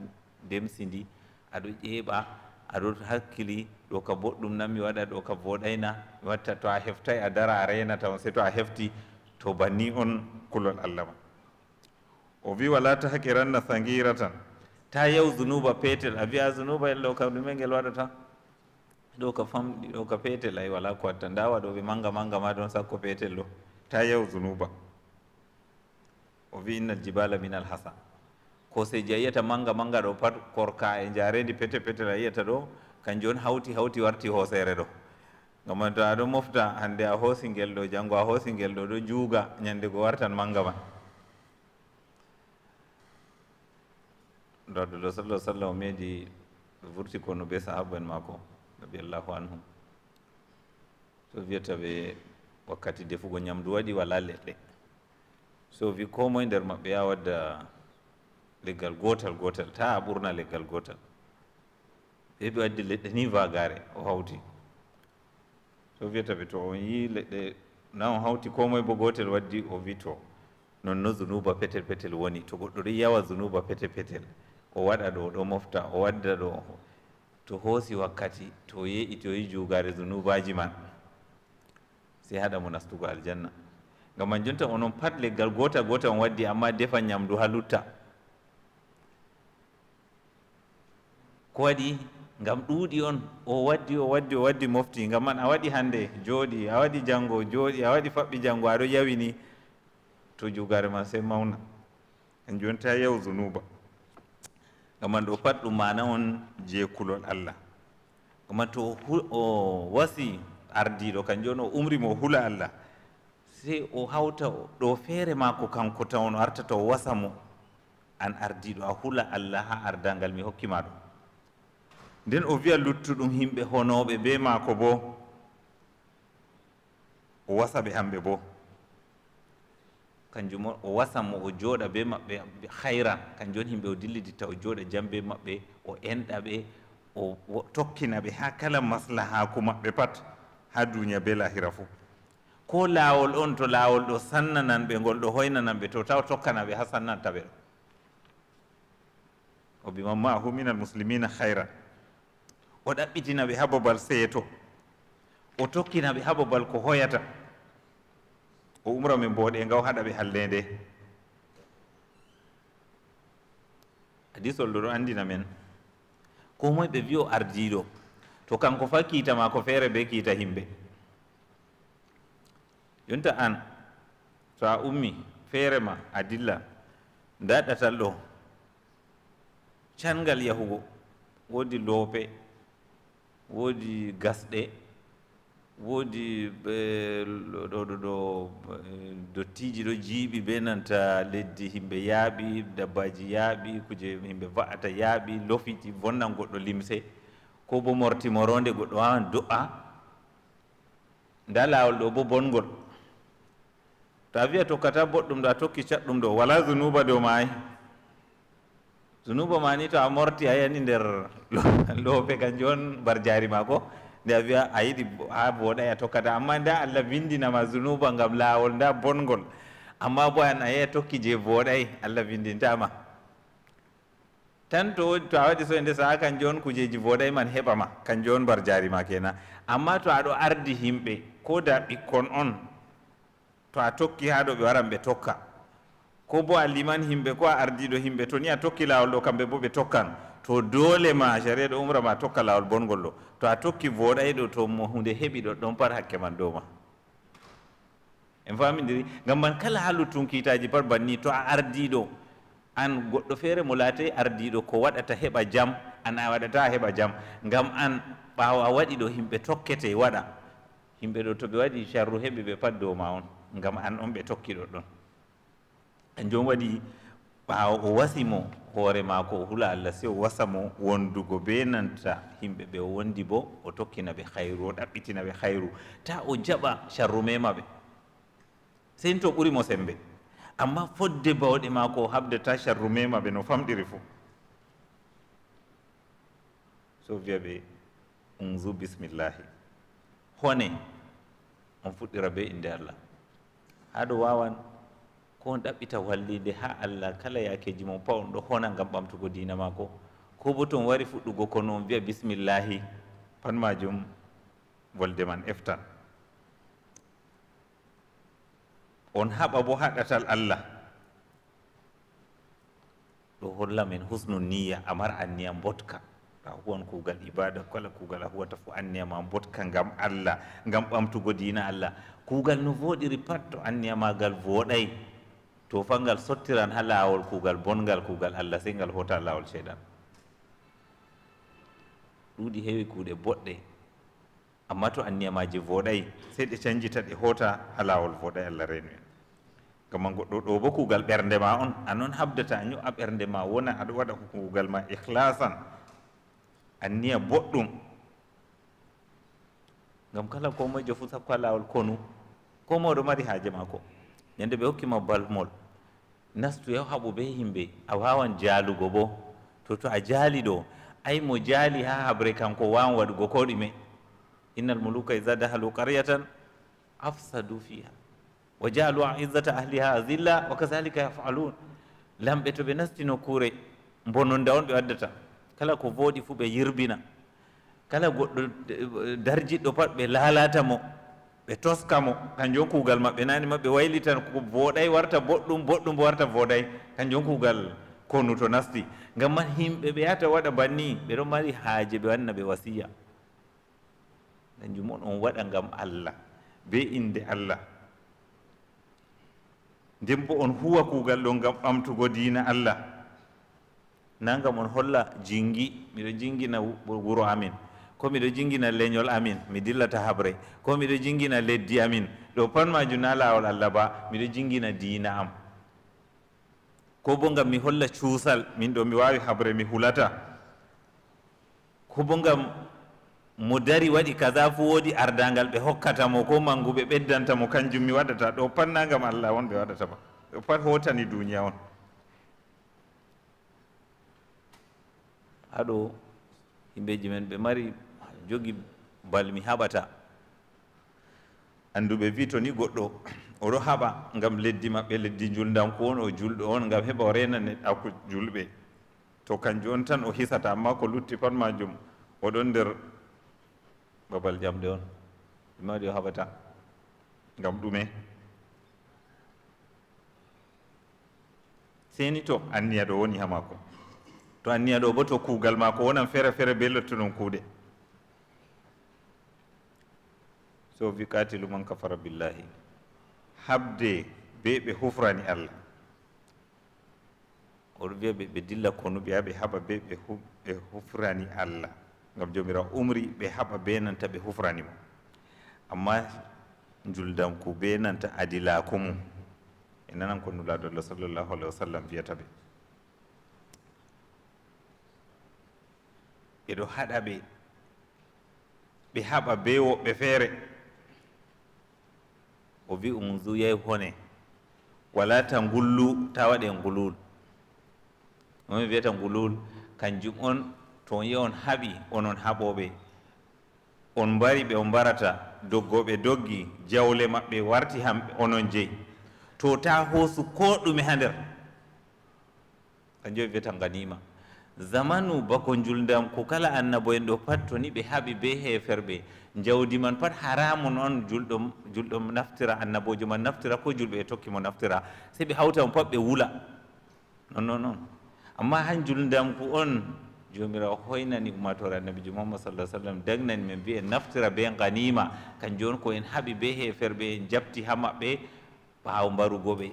ndemsindi aɗo ƴeeɓa aɗo hakkili ɗo ka boɗɗum nan mi waɗa ɗo ka voɗayna mi watta to a heftay a dara a reynata on sey to a hefti to banni on kulol allah ma o wi wala tahkiranna sangira tan ta yaw zunuba petel a wiya zunuba el ɗo ka ɗume ngel waɗata ɗo ka famɗi ɗo ka petel ay wala ko watta nda waɗoɓe manga manga ma ɗon sakko petel ɗo ta yaw zunuba o wi innal jibala min al hasan koseji a yiyata manga manga ɗo pat korka e jarendi pete petel a yiyata ɗo kan joni hawti hawti warti hoosere ɗo gam man to aɗo mofta hande a hoosi gel ɗo janngo a hoosi gel ɗo ɗo juuga ñande go wartan manga man rabdulo salla sallam meedi vurti kono be sahaba en maako nabi llahu anhu so wiyata ɓe wakkati defugo ñamdu waɗi wala leɗɗe so wi komoye nder maɓɓe ya wadda leggal gotal gotal ta a ɓurna leggal gotal ɓe ɓe waddi leɗɗe ni vagare o hawti so wiyata ɓe to on yi leɗɗe na on hawti ko moye bo gotel waddi o wi to nonno zunuba petel petel woni to goɗɗo ɗo yawa zunuba petel petel o waɗa ɗo ɗo mofta o wadda ɗo to hoosi wakkati to ye to yi jugare zunubaji man sey haɗa mo nastugo aljanna ngam man jonta onon pat leggal gotal gotal on waddi amma defa ñamdu ha lutta ko waɗi ngam ɗuuɗi on o waddi o waddi o waddi mofti ngam man a waɗi hannde jooɗi a waɗi janngo jooɗi a waɗi faɓɓi janngo aɗo yawi ni to jugare ma sey mawna en jonta yaw zunuba ngam an ɗo pat ɗum mana on jeekulol allah ngam an to o wasi ardiiɗo kan jooni o umrimo o hula allah sey o hawta ɗo feere maako kanko tan on o arta to o wasa mo an ardiiɗo a hula allah haa ardangal mi hokkima ɗum nden o wiya luttuɗum himɓe honoɓe be maako bo o wasa ɓe hamɓe bo kanjum on o wasa mo o jooɗa be maɓɓe hayra kanjum on himɓe o dilliditta o jooɗa jam be maɓɓe o enɗa ɓe o tokkina ɓe ha kala maslahaku maɓɓe pat ha duniya be lahira fo ko laawol on to laawol ɗo sannanan ɓe ngol ɗo hoynanan ɓe to taw tokkana ɓe ha sannanta ɓe ɗo o bimamma ahu min almuslimina hayran o ɗaɓɓitina ɓe ha babal seeto o tokkina ɓe ha babal ko hoyata o umra min booɗe ngaw haɗa ɓe halle nde adisolɗo ɗo andina men ko moye ɓe wi o ardiɗo to kanko fa kiita ma ko feere be kiita himɓe yonta an so a ummi feere ma a dilla nda ɗatal ɗo cangal yahugo woodi loope woodi gasɗe woodi ɓe ɗo ɗo ɗo dottiiji ɗo jiiɓi be nanta leddi himɓe yaaɓi dabbaji yaaɓi kuje himɓe va'ata yaaɓi lofiti bonnan goɗɗo limse ko bo mortimoronde goɗɗo wawan do'a nda laawol ɗo bo bongol to a wiya tokkata boɗɗum ɗo a tokki catɗum ɗo wala zunuba dow maayi zunuba mani to a morti a nder loope kanjum on jari ma ko nde a wiya a ha booɗay a tokkata amma nda allah windinama zunuba ngam laawol nda bongol amma bo an a tokki je boɗai allah windintama tan to to a waɗi so e nde saha kanjum on kujeji boɗai man heɓama kanjum on jari ma kena amma to aɗo ardi himɓe ko da ɓikkon on to a tokki ha ɗo ɓe waran ɓe tokka ko bo a liman himɓe ko a ardiɗo himɓe to ni a tokki lawol ɗo kamɓe bo ɓe tokkan to dole ma jareɗo umra ma tokka lawol bongol ɗo to a tokki voɗayɗo to hunde heɓi ɗo ɗon pat hakke man ɗo ma en famidiri gam man kala ha luttunkitaji pat banni to a ardiɗo an goɗɗo feere mo laatay ardiɗo ko waɗata heɓa jam an a waɗata heɓa jam gam an ɓawo a waɗi ɗo himɓe tokkete waɗa himɓe ɗo to ɓe waɗi charru heɓe ɓe pat dow ma on gam an on ɓe tokki ɗo ɗon joni waɗi ɓawa o wasimo hoore mako o hula allah si o wasamo wondugo be nanta yimɓe ɓe o wondi bo o tokkina ɓe hayru o ɗaɓɓitina ɓe hayru ta o jaɓa sharru memaɓe seni to ɓurimo sembe amma fodde bawɗe mako o habdata sharru memaɓe no famɗiri fo so wiya ɓe unzu bismillahi hone on fuɗɗira be inde allah haɗo wawan ko on ɗaɓɓita wallide ha allah kala yakeji mo pa on ɗo hona gam ɓamtugo dina mako ko bo toon wari fuɗɗugo ko noon wiya bisimillahi pan majum wolde man eftan on haɓa bo haɗatal allah ɗo holla men husnu niya amar anniya botka a huwan kugal ibada kala kugal a huwata fo anniya ma botka gam allah gam ɓamtugo dina allah kugal no voɗiri pat to anniya magal voɗay to fangal sottiran ha lawol kugal bongal kugal allah sey ngal hota lawol sheyɗan ɗuuɗi heewi kuuɗe boɗɗe amma to anniyamaji voɗay sey ɗe cañjita ɗe hota ha lawol voɗay allah reenu en gama goɗɗo ɗo bo kugal ɓernde ma on a noon habdata a ño'a ɓernde ma wona aɗa waɗa ko kugal ma ihlasan anniya boɗɗum gam kala ko moƴƴo fo sappo lawol konu ko mawɗo mari haaje ma ko ñande ɓe hokkima balmol nastu yaw haɓo be yimɓe a wawan jaalugo bo to to a jaali ɗo ay mo jaali ha haɓre kanko wawan waɗugo ko ɗume innal muluka izadahalu qaryatan afsadu fiha wa jaalu izzata ahliha azilla wa kazalika yafalun lamɓe to ɓe nastino kuure bononda on ɓe waddata kala ko voɗi fuu ɓe yirbina kala goɗɗo eh, darjiɗɗo pat ɓe laalata mo ɓe toska mo kanjo on kuugal maɓɓe nani maɓɓe wayli tan ko booɗay warta boɗɗum boɗɗum bo warta booɗay kanjo on kuugal konu to nasti ngam man himɓe ɓe yata waɗa banni ɓe ɗon mari haaje ɓe wanna ɓe wasiya kanjum on on waɗa ngam allah be inde allah nden bo on huwa kuugal ɗo ngam ɓamtugo diina allah na ngam on holla jingi miɗo jinginawuro amin ko miɗo jingina leñol amin mi dillata haɓre ko miɗo jingina leddi amin ɗo pat majum na laawol allah ba miɗo jingina diina am ko bo ngam mi holla cuusal min ɗo mi waawi haɓre mi hulata ko bo ngam mo dari waɗi kaza fu woodi ardangal ɓe hokkata mo ko ɓeddanta ɓeddantamo kanjum mi waɗata ɗo pat allah on ɓe ba ɗo pat hotani duniya on aɗo yimɓeji men ɓe mari jogi bal mi haɓata anduɓe wi to ni goɗɗo oɗo haɓa ngam leddi maɓɓe leddi julndanko on o julɗo on ngam heɓa o renane ako julɓe to kanjum on tan o hisata amma ko lutti pat majum oɗon nder babal jamɗe on imaɗi o haɓata ngam ɗume seni to anniya ɗo woni ha mako to anniya ɗo bo to kuugal mako wonan feere feere be lottuɗon kuuɗe so wi katilu man kafara billahi habde be ɓe hufrani allah oɗo wiya ɓe ɓe dilla konuɓe ha ɓe haɓa be ɓe ɓe hufrani allah gam jomirawo umri ɓe haɓa be nanta ɓe hufrani mo amma juldanku be nanta adilaku mum e nanan ko nulaɗo allah sallllahu alahi wa sallam wiyata ɓe ɓeɗo haɗa ɓe ɓe haɓa be woɓɓe feere o wi um zuyey hone wala ta ngullu tawaɗe ngulul ɗumi wiyata ngulul kanjum on to on yi on haɓi onon haɓoɓe on mbari ɓe o mbarata doggoɓe doggi jawle maɓɓe warti ham onon jeyi to ta hoosu ko ɗume ha nder kanjum wiyata nganima zamanu bako njuldam ko kala annabo en ɗo pat to ni ɓe haɓi be heferɓe jawdi man pat haramu noon julɗo julɗo naftira annabojo man naftira ko julɓe e tokki mo naftira sey ɓe hawta mo pat ɓe wula non non noon amma han julndanku on jomirawo hoynani ummatore annabijo mohammad salah sallam dagnani men mbiyen naftira be ganima kan joni ko en haaɓi be heefere ɓe en jabti ha maɓɓe ɓaw mbarugoɓe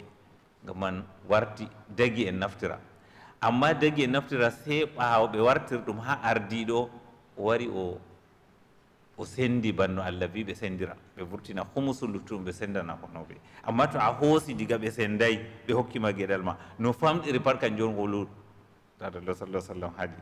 gam man warti dagi en naftira amma dagi en naftira se ɓawo ɓe wartir ɗum ha ardiɗo o wari o o sendi banno allah bi ɓe sendira ɓe vurtina humusu luttuɗum ɓe sendana konoɓe amma to a hoosi diga ɓe sendayi ɓe hokkima gueɗal ma no famɗiri pat kan jon ngolu dadallah salalah sallam haadi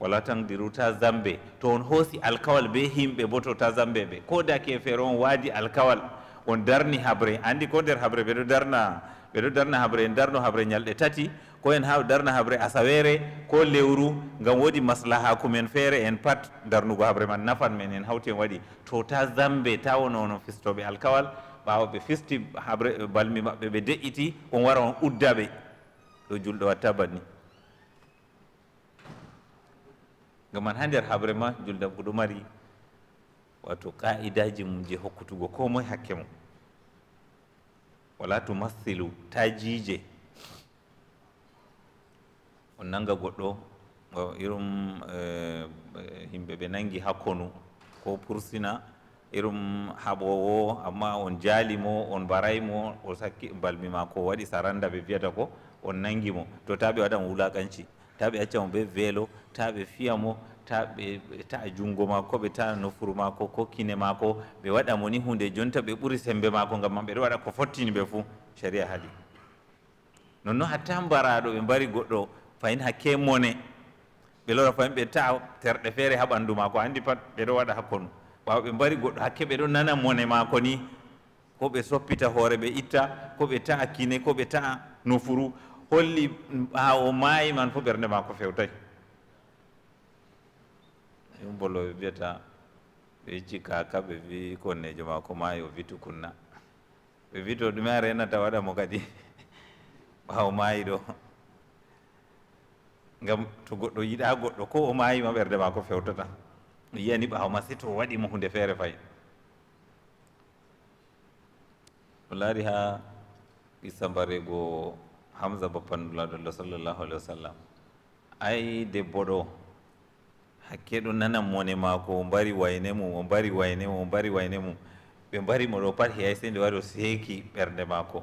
wala tan diru ta zambe to on hoosi alkawal be himɓe bo to ta zambe ɓe ko daki e feere on waadi alkawal on darni habre andi ko nder habre ɓeɗo darna ɓeɗo darna habre en darno habre ñalɗe tati ko en ha darna habre asaweere ko lewru gam woodi maslaha kumen feere en pat darnugo habre man nafan men en hawti en waɗi to ta zambe ta wonono fistoɓe alkawal ɓawa ɓe fisti habre balmi maɓɓe ɓe deƴƴiti on wara on uddaɓe ɗo julɗo watta banni gam man ha nder habre ma julɗam koɗo mari wato qa'idaji mum je hokkutugo ko moye hakke mum wala tumathilu tajije on nanga goɗɗo irum eh, himɓe ɓe nangi hakkonu ko pursina irum habowo amma on mo on mo o sakki balmi ma ko waɗi saranda ɓe viyata ko on nangi mo to ta ɓe mo wulakanci ta ɓe accamo ɓe velo ta ɓe fiyamo ta jungo ta'a junngo maako ɓe ta'a nofuru maako ko kine maako ɓe waɗa moni ni hunde jonta ɓe ɓuri sembe mako ngam man ɗo waɗa ko fottini ɓe fuu sharia haali nonnoon hatta mbaraɗo ɓe mbari goɗɗo fayin hakke mone ɓe lora fayin ɓe ta'a terɗe feere ha ɓandu maako andi pat ɓeɗo waɗa hakkonu ɓawa ɓe mbari goɗɗo hakke ɓeɗo nana mone mako ni ko ɓe soppita hoore ɓe itta ko ɓe ta'a kine ko ɓe ta'a nofuru holli o maayi man fo ɓernde mako fewtayi imbolo bibyeta bikikaka bebikona ejo makomayo bitukunna bebita odume arena tawadamo kadi ɓawo mayiɗo ngam to goɗɗo yiɗa goɗɗo ko o mayima ɓerde ma ko fewtata ɗum yiyani ɓawo ma si to o waɗimo hunde feere fay o laari ha qissa mbarego hamsa bappandulaɗo allah sallllahu alih wa sallam ay debbo ɗo hakke ɗo nana mone maako o mbari wayne mum o mbari wayne mum o mbari wayne mum ɓe mbari mo ɗo pat hay se nde wari o seeki ɓernde maako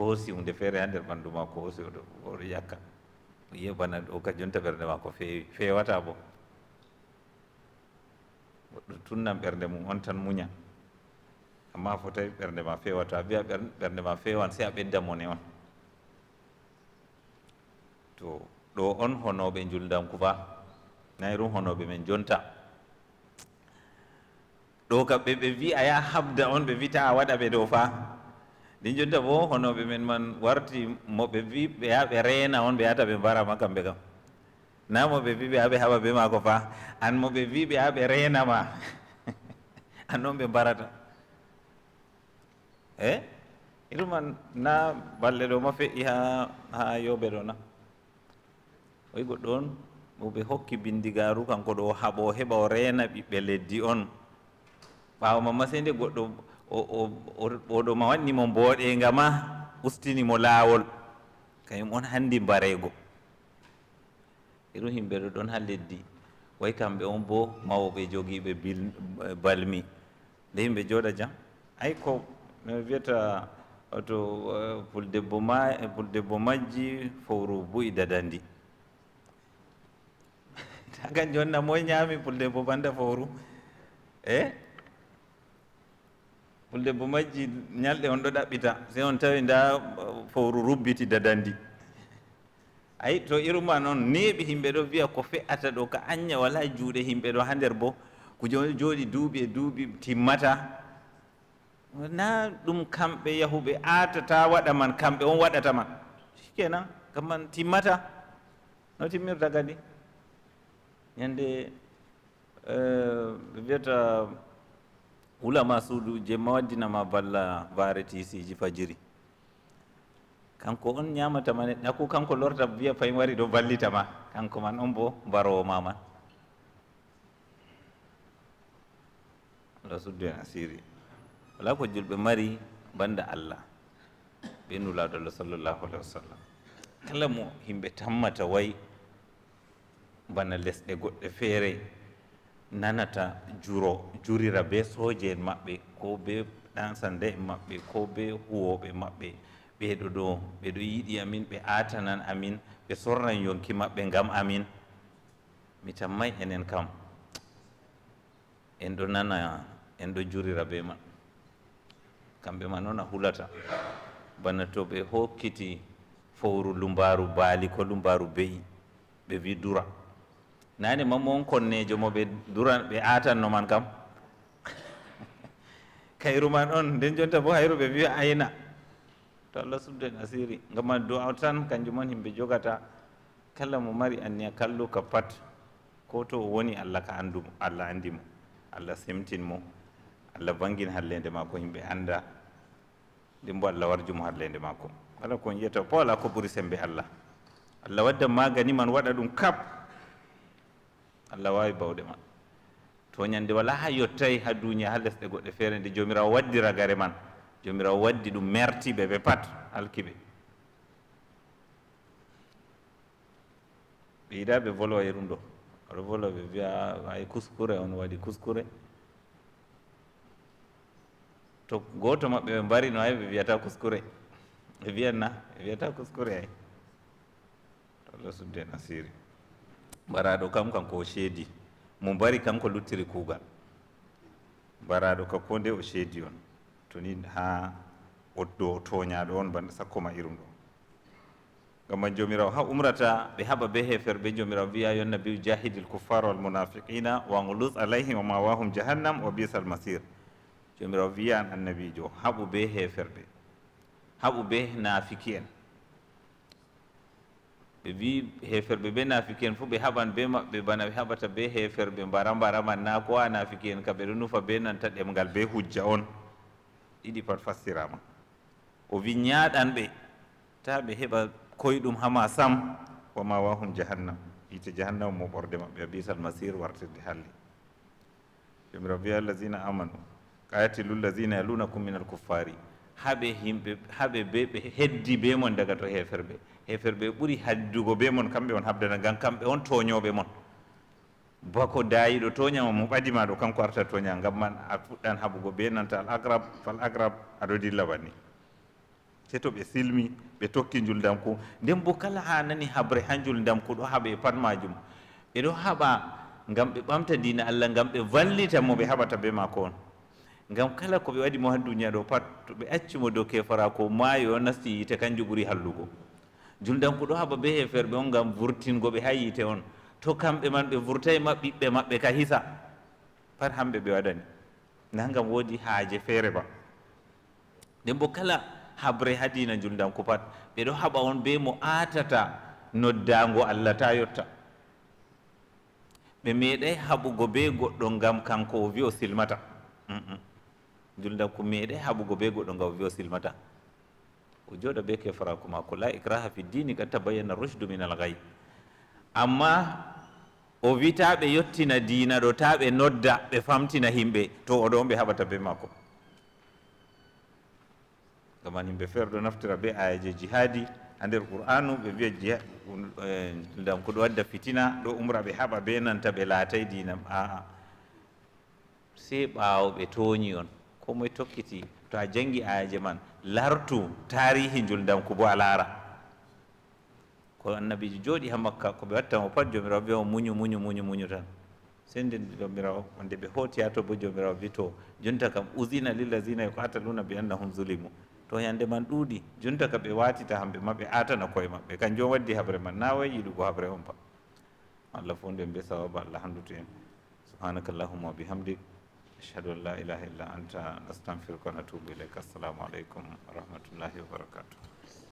hoosi hunde feere ha nder ɓanndu maako hoosi oɗo oɗo yakka yeɓana ɗo ka jonta ɓernde maako feewi feewata bo goɗɗo tunnan ɓernde mum on tan muña amma fotawi ɓernde ma feewata biya ɓernde ma feewan se a ɓedda mone on to ɗo on honoɓe julndankuba nayi ɗum honoɓe men jonta ɗo kam ɓe ɓe mbi a yaha habda on ɓe mbita a waɗa ɓe dow fa ndin jonta bo honoɓe men man warti mo ɓe mbi ɓe ya ɓe reena on ɓe yata ɓe mbarama kamɓe kam na mo ɓe mbi ɓe ya ɓe haɓa be mako fa an mo ɓe mbi ɓe ya ɓe reenama an noon ɓe mbarata e iru man na balle ɗo ma feƴi ha ha yoɓe ɗo na oyi goɗɗo on mo ɓe hokki bindigaru kanko ɗo haaɓo heɓa o rena ɓiɓɓe leddi on ɓawa mamma sey nde goɗɗo oɗo ma wannimo mboɗega ma ustinimo laawol kañum on hanndi mbarego eɗum yimɓe ɗo ɗon ha leddi way kamɓe on bo mawoɓe jogiɓe balmi nde yimɓe jooɗa jam ay ko mi wiyata to eh, puldebbo ma eh, puldebbo majji fowru buyi dadandi hagan jonna moy ñaami puldebbo bande fowru e puldebbo majji ñalɗe on ɗo ɗaɓɓita si on tawi nda uh, fowru rubbiti dadandi ayi to iruma noon neeɓi himɓe ɗo wiya ko fe'ata ɗo ko anña wala juuɗe himɓe ɗo ha nder bo ko jo jooɗi duuɓi e duuɓi timmata na ɗum kamɓe yahuɓe aatata waɗa man kamɓe on waɗata man sikenan kamman timmata no timmirta kadi ñannde ɓe eh, mbiyata wulama suudu je mawaddinama balla baareti siji fajiri kanko on ñamatama neɗɗo akku kanko lorta wiya fayin wari ɗo ballitama kanko man on bo mbarowo ma man ala suddu hen asiri wala ko julɓe mari banda allah ɓe nulaɗo allah sallllahu alahi wa sallam kala mo himɓe tammata wayi bana lesɗe goɗɗe feere nanata juro jurira be sooje en maɓɓe ko be ɗansande en maɓɓe ko be huwoɓe maɓɓe ɓeeɗo ɗo ɓeɗo yiɗi amin ɓe aatanan amin ɓe sorran yonki maɓɓe ngam amin mi tammay enen kam en ɗo nana en ɗo jurira be man kamɓe ma noon a hulata bana to ɓe hokkiti fowru lumbaaru baali ko lumbaaru beyi ɓe wi dura nani mam on konnejo mo ɓe duran ɓe atanno man kam kayru man on nden jonta bo hayru ɓe mbiya ayna to allah subden asiri gama dowa tan kanjum on himɓe jogata kala mo mari anniya kalluka pat ko to o woni allah ka andumo allah andimo allah semtinmo allah bangin hallende makko himɓe anda ndin bo allah warjumo hallende makko wala kon yiyata po ala ko ɓuuri sembe allah allah wadda magani man waɗa ɗum kap allah wawi bawde ma toñande wala ha yottay ha duuña ha lesɗe goɗɗe feere nde jomirawo waddi ragare man jomirawo waddi ɗum mertiɓe ɓe pat alkiɓe ɓe yiɗa ɓe volo e ɗum ɗo aɗa volo ɓe mbiya ay kuskure on waɗi kuskure to goto maɓɓe ɓe mbarino ay ɓe wiyata kuskure ɓe wiyan na ɓe wiyata kuskure ay allah sudde nasiri mbaraɗo kam kanko o seedi mo mbari kanko luttiri kuugal mbaraɗo ka ko nde o seedi on to ni ha oddo o tooñaɗo on banɗe sakkoma irum ɗo ngam man joomiraw ha umrata ɓe haɓa be heefere ɓe joomiraw wiya yonna bi jahidil coufar wal munafiqina wanglus alayhim wama wahum jahannam wa bisa al masir joomiraw wiya an annabijo haɓu be heeferɓe haɓu be naafiki en ɓe wi heferɓe ɓe nafiki en fof ɓe haɓan be maɓɓe bana ɓe haɓata be heferɓe mbara mbaraman na ko a nafiki en ka ɓeɗo nufa be nanta ɗemgal be hujja on ɗiɗi pat fastirama o wi ñaɗan ɓe ta ɓe heɓa koyɗum hama sam wama wahum jahannam yite jahannam mo ɓorde maɓɓe a bisal masir wartirde halli jomira wiya allahina amanu qayatilu llahina yalunakum min alkuffari haɓe yimɓe haɓe be ɓe heddi be mon daga to heferɓe hefere ɓe ɓuri haddugo be mon kamɓe on habdana gam kamɓe on toñoɓe mon bako dayiɗo toñama mo ɓadima ɗo kanko arta toña gam man a fuɗɗan haɓugo be nanta al agrab fal agrab aɗo dilla banni se to ɓe silmi ɓe tokki juldamku nden bo kala ha nani habre ha juldamku ɗo haɓa e pat majum ɓeɗo haɓa gam ɓe ɓamta dina allah gam ɓe vallita mo ɓe haɓata be mako on gam kala ko ɓe waɗi mo ha duniya ɗo pat to ɓe accimo dow kefara ko mayo nasti yite kanjum ɓuuri hallugo juldanko ɗo haba be heferɓe on gam vurtingoɓe ha yiite on to kamɓe man ɓe vurtayi ma ɓiɓɓe maɓɓe ka hisa pat hamɓe ɓe waɗani nagam woodi haaje feere ba nden bo kala habre ha dina juldanko pat ɓeɗo haɓa on be mo aatata noddago allah ta yotta ɓe meeɗay haɓugo be goɗɗo gam kanko o wi o silmata julda ko meeɗay haɓugo be goɗɗo gam o wi o silmata o jooɗa be kefaraku mako la ikraha fi dini ka tabayyana rushdu min alghay amma o vita be ɓe yettina diina ɗo ta ɓe nodda ɓe famtina himɓe to o on ɓe haɓata be makko gaman himɓe feere ɗo naftira be ayaje jihadi ha nder qur'anu ɓe wiya eh, ndam ko wadda fitina ɗo umra ɓe haba be nanta ɓe latay dina a se bawo be toni on ko moy tokkiti to a jangi aje man lartu tarihi ko bo alara ko annabi jodi ha makka ko watta o pat jomiraw wiya o muñu muñu munyu muñu tan sende jomiraw nde ɓe hoti to bo jomiraw wi to jonta kam uzina lillazina e ko bi annahum zulimu to yande man ɗuuɗi jonta ka ɓe watita hamɓe ata na atana koye maɓɓe jom waddi habre man na wayi yiɗugo habre on pa allah fonde be sawaba allah handutu en subhanakallahumma wa أشهد أن لا إله إلا أنت أستغفرك ونتوب إليك السلام عليكم ورحمة الله وبركاته